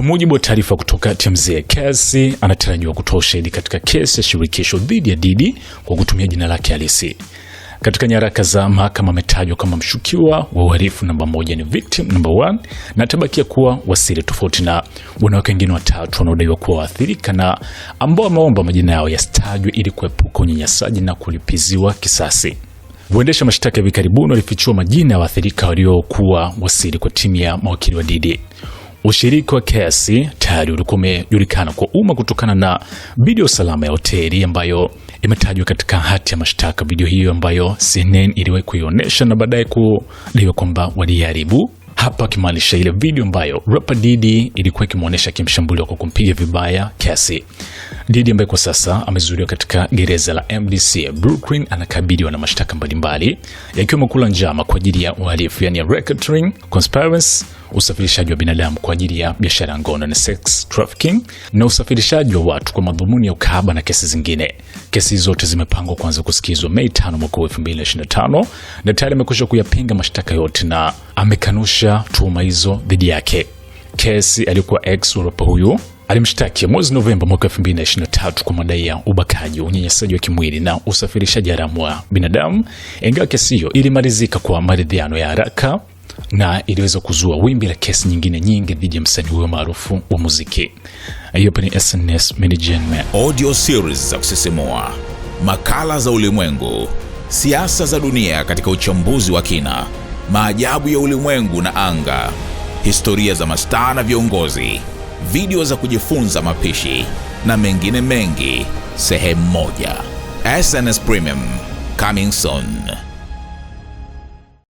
Kwa mujibu wa taarifa kutoka TMZ, KC anatarajiwa kutoa ushahidi katika kesi ya shirikisho dhidi ya Diddy kwa kutumia jina lake halisi. Katika nyaraka za mahakama ametajwa kama mshukiwa wa uhalifu namba moja, ni victim number one, na atabakia kuwa wasiri, tofauti na wanawake wengine watatu wanaodaiwa kuwa waathirika na ambao wameomba majina yao yasitajwe ili kuepuka unyanyasaji na kulipiziwa kisasi. Waendesha mashtaka hivi karibuni walifichua majina ya waathirika waliokuwa wasiri kwa timu ya mawakili wa Diddy. Ushiriki wa kesi tayari ulikuwa umejulikana kwa umma kutokana na video salama ya hoteli ambayo imetajwa katika hati ya mashtaka. Video hiyo ambayo CNN iliwahi kuionyesha na baadaye kudaiwa kwamba waliharibu hapa akimaanisha ile video ambayo rapa Didi ilikuwa ikimwonyesha akimshambulia kwa kumpiga vibaya Cassie. Didi ambaye kwa sasa amezuiliwa katika gereza la MDC Brooklyn, anakabiliwa na mashtaka mbalimbali yakiwemo kula njama kwa ajili ya uhalifu, yani racketeering, conspiracy usafirishaji wa binadamu kwa ajili ya biashara ya ngono na sex trafficking, na usafirishaji wa watu kwa madhumuni ya ukahaba na kesi zingine. Kesi zote zimepangwa kuanza kusikizwa Mei 5 mwaka 2025, na tayari amekwisha kuyapinga mashtaka yote na amekanusha tuhuma hizo dhidi yake. Kesi alikuwa ex Europa huyu alimshtaki mwezi Novemba mwaka 2023 kwa madai ya ubakaji, unyanyasaji wa kimwili na usafirishaji haramu wa binadamu, ingawa kesi hiyo ilimalizika kwa maridhiano ya haraka na iliweza kuzua wimbi la kesi nyingine nyingi dhidi ya msanii huyo maarufu wa muziki. Hiyo hapa ni SNS Management. Audio series za kusisimua, makala za ulimwengu, siasa za dunia katika uchambuzi wa kina, maajabu ya ulimwengu na anga, historia za mastaa na viongozi, video za kujifunza mapishi na mengine mengi, sehemu moja. SNS Premium coming soon.